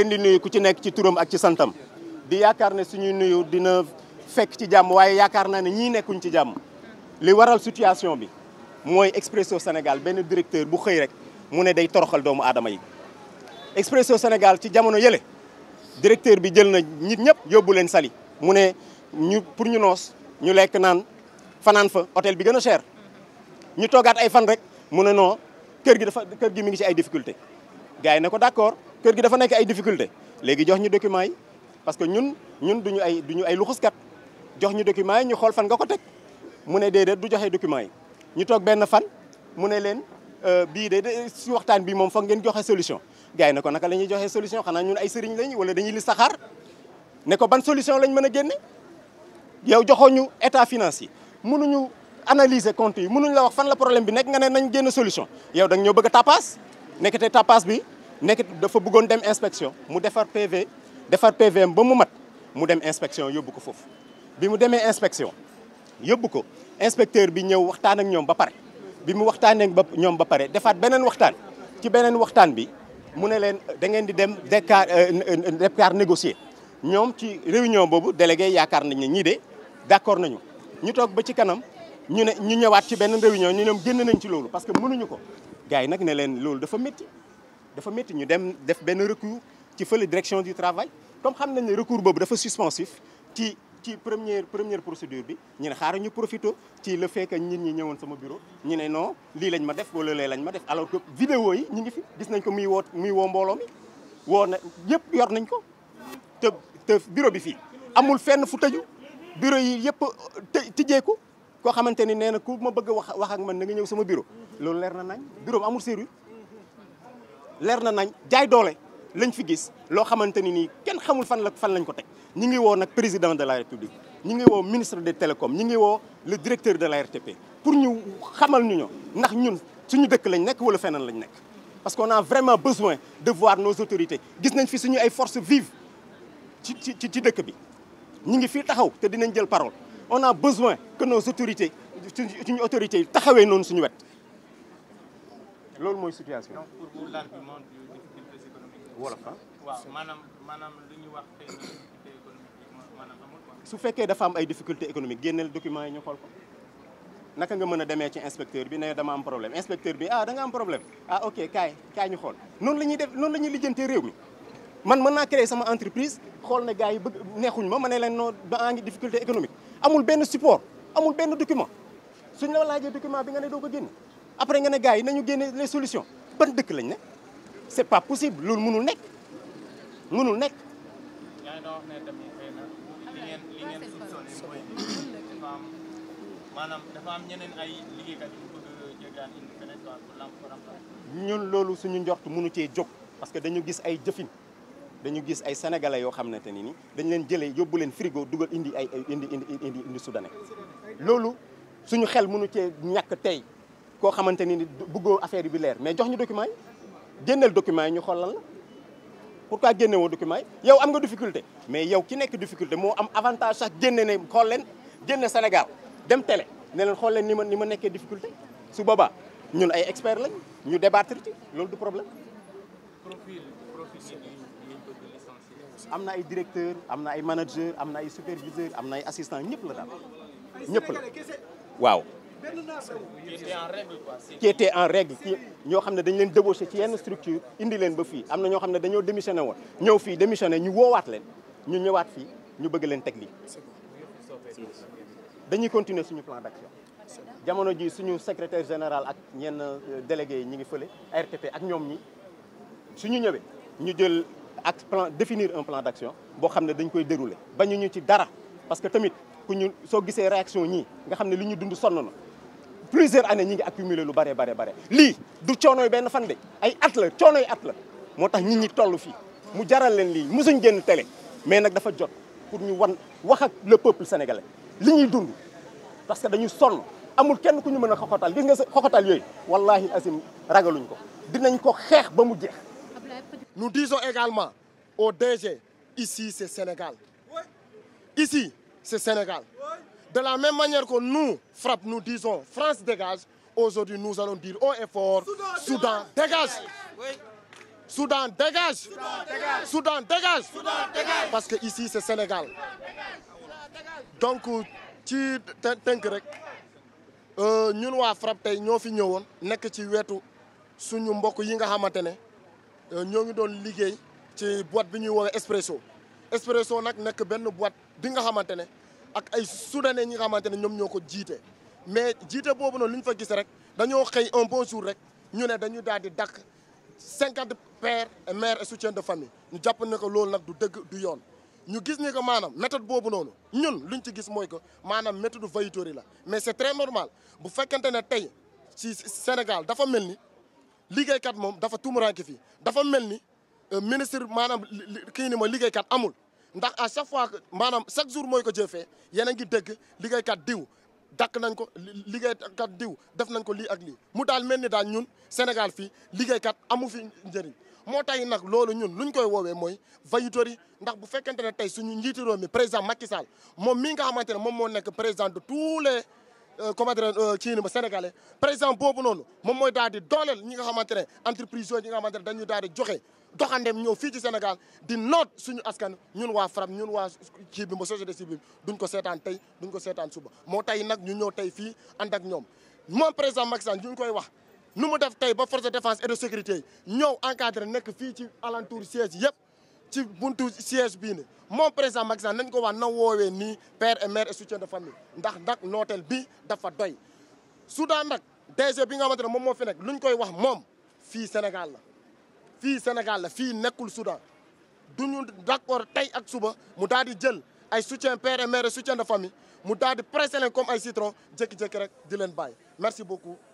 leen di nuyu ku ci nekk ci turam ak ci santam bi yaakaar ne suñuy nuyu dina fekk ci jàmm waaye yaakaar naa ne ñii nekkuñ ci jàmm li waral situation bi mooy Expresso Sénégal benn directeur bu xëy rek mu ne day toroxal doomu aadama yi Expresso Sénégal ci jamono yële directeur bi jël na nit ñëpp yóbbu leen sali mu ne ñu pour ñu noos ñu lekk naan fanaan fa hôtel bi gën a cher ñu toogaat ay fan rek mu ne non kër gi dafa kër gi mi ngi ci ay difficulté gars yi ne ko d'accord kër gi dafa nekk ay difficulté léegi jox ñu documents yi parce que ñun ñun duñu ay duñu ay luxuskat jox ñu documents yi ñu xool fan nga ko teg mu ne déedéet du joxe documents yi ñu toog benn fan mu ne leen euh, bii de si waxtaan bi moom foog ngeen joxe solution gars yi ne ko naka la ñuy joxe solution xanaa ñun ay sëriñ lañ wala dañuy li saxaar ne ko ban solution lañ mën a génne yow joxoo ñu état finance yi mënuñu analyser compte yi mënuñu la wax fan la problème bi nekk nga ne nañ génn solution yow da ñoo bëgg a tapas nekkate tapas bi nekk dafa buggoon dem inspection mu defar PV defar PVM ba mu mat mu dem inspection yóbbu ko foofu bi mu demee inspection yóbbu ko inspecteur bi ñëw waxtaan ak ñoom ba pare bi mu waxtaaneek ba ñoom ba pare defaat beneen waxtaan ci beneen waxtaan bi mu ne leen da ngeen di dem départ euh, départ négocier ñoom ci réunion boobu délégué yaakaar nañ ne ñii de d'accord nañu ñu toog ba ci kanam ñu ne ñu ñëwaat ci benn réunion ñu ñoom génn nañ ci loolu parce que mënuñu ko gars nag ne leen loolu dafa métti dafa métti ñu dem def benn recours ci fële direction du travail comme xam nañ ne recours boobu dafa suspensif ci ci première première procédure bi ñu ne xaaral ñu profito ci le fait que nit ñi ñëwoon sama bureau ñu ne noo lii lañ ma def wala lee lañ ma def alors que vidéo yi ñu ngi fi gis nañ ko muy woo muy woo mbooloo mi woo na yor nañ ko te te bureau bi fii amul fenn fu tëju bureau yi yëpp tijjeeku koo xamante ni nee na ku ma bëgg wax wax ak man na nga ñëw sama bureau loolu leer na nañ bureau amul serrure leer na nañ jaay doole lañ fi gis loo xamante ni nii kenn xamul fan la fan lañ ko teg ñi ngi woo nag président de la république ñi ngi woo ministre des télécoms ñi ngi woo le directeur de la RTP pour ñu xamal ñu ño ndax ñun su ñu dëkk lañ nekk wala fenaan lañ nekk parce qu'on a vraiment besoin de voir nos autorités gis nañ fi suñu ay forces vives ci ci ci dëkk bi ñi ngi fii taxaw te dinañ jël parole on a besoin que nos autorités suñu autorités yi taxawee noonu suñu wet loolu mooy situation donc pour waaw maanaam maanaam maanaam amul quoi. su fekkee dafa am ay difficulté économique génneel documents yi ñu xool ko naka nga mën a demee ci inspecteur bi ne dama am problème inspecteur bi ah danga am problème ah ok kaay kaay ñu xool noonu la ñuy def noonu la ñuy lijjantee réew mi. man mën naa créer sama entreprise xool na gars yi bëgg neexuñ ma ma ne leen noo daa ngi difficulté économique amul benn support amul benn document suñ la laajee document bi nga ne doo ko génne. après nga ne gars yi nañu génne les solution ban dëkk lañ ne c'est pas possible loolu mënul nekk mënul nekk. maanaam dafa am ñeneen ay liggéeykat loolu suñu njort mënu cee jóg parce que dañu gis ay jëfin dañu gis ay sénégalais yoo xamante ne nii dañ leen jëlee yóbbu leen frigo dugal indi ay indi indi indi indi soudanais loolu suñu xel mënu cee ñàkk tey. koo xamante ni bëggoo affaire bi leer mais jox ñu document yi génneel document yi ñu xool lan la pourquoi génne woo document yi yow am nga difficulté mais yow ki nekk difficulté moo am avantage sax génne ne xool leen génne Sénégal dem télé ne leen xool leen ni ma ni ma nekkee difficulté su boobaa ñun ay expert lañ ñu débattre loolu du problème. am na ay directeur am na ay manager am na ay superviseur am na ay assistant ñëpp la daal ñëpp la qui était en règle qui ñoo xam ne dañ leen débauché ci yenn structure indi leen ba fii am na ñoo xam ne dañoo démissionné woon ñëw fii démissionné ñu woowaat leen ñu ñëwaat fii ñu bëgg leen teg lii dañuy continuer suñu plan d'action jamono ji suñu secretaire général ak ñenn euh, délégué yi ñu ngi fële ARTP ak ñoom ñi suñu ñëwee ñu jël ak plan définir un plan d'action boo xam ne dañ koy dérouler bañu ñu ñu ci dara parce que tamit ku ñu soo gisee réaction ñi nga xam ne li ñu dund sonn na plusieurs années ñi ngi accumulé lu bare bare bare lii du coono yu benn fan de ay at la coono yu at la moo tax ñi ñi toll fii mu jaral leen lii musuñ génn télé mais nag dafa jot pour ñu wan wax ak le peuple sénégalais li ñuy dund parce que dañu sonn amul kenn ku ñu mën a xoxotal gis nga sa xoxotal yooyu wallahi asim ragaluñ ko dinañ ko xeex ba mu jeex nous disons également au DG ici c'est Sénégal ici c'est Sénégal De la même manière que nous, frappe, nous disons France dégage, aujourd'hui nous allons dire o et fort Soudan dégage. Soudan dégage. Soudan dégage. Parce que ici c'est Sénégal. Donc ci tenk rek euh, ñun waa FRAPP tey ñoo fi ñëwoon nekk ci wetu suñu mbokk yi nga xamante ne euh, ñoo ngi doon liggéey ci boîte bi ñuy woowee Expresso Expresso nag nekk benn boîte bi nga xamante ne ak ay soudanais ñi nga xamante ne ñoom ñoo ko jiite mais jiite boobu noonu li ñu fa gis rek dañoo xëy un bon jour rek ñu ne dañu daal di dàq cinquante pères et mères et soutien de famille ñu jàpp ne ko loolu nag du dëgg du yoon ñu gis ni que maanaam méthode boobu noonu ñun luñ ci gis mooy que maanaam méthode vaillatorie la mais c'est très normal bu fekkente ne tey ci Sénégal dafa mel ni liggéeykat moom dafa tumuraanke fi dafa mel ni euh, ministre maanaam kii ni ma liggéeykat amul ndax à chaque fois maanaam chaque jour mooy ko jëfee yéen a ngi dégg liggéeykat diw dakk nañ ko liggéeykat diw def nañ ko lii ak lii mu daal mel ni daal ñun Sénégal fii liggéeykat amu fi njëriñ moo tey nag loolu ñun luñ koy woowee mooy vaillitori ndax bu fekkente ne tey suñu njiitu réew mi président Macky Sall moom mii nga xamante ne moom moo nekk président de tous les euh, comment dire ci euh, ni ma sénégalais président boobu noonu moom mooy daal di dooleel ñi nga xamante ne entreprise yooyu ñi nga xamante ne dañuy daal di joxe doxandem ñëw fii ci Sénégal di noot suñu askan ñun waa FRAPP ñun waa ci bi ma société civile duñ ko seetaan tey duñ ko seetaan suba moo tey nag ñu ñëw tey fii ànd ak ñoom moom président Macky Sall koy wax nu mu def tey ba force de défense et de sécurité yi ñëw encadré nekk fii ci alentour siège yëpp ci buntu siège bii ne moom président Macky nañ ko wax na woowee nii père et mère et soutien de famille ndax nag nooteel bi dafa doy Soudan nag DG bi nga xamante ne moom moo fi nekk luñ koy wax moom fii Sénégal fii Sénégal la fii nekkul Soudan duñu d'accord tey ak suba mu daal di jël ay soutien père et mère soutien de famille mu daal di comme ay citron jékki-jékki rek di baay bàyyi merci beaucoup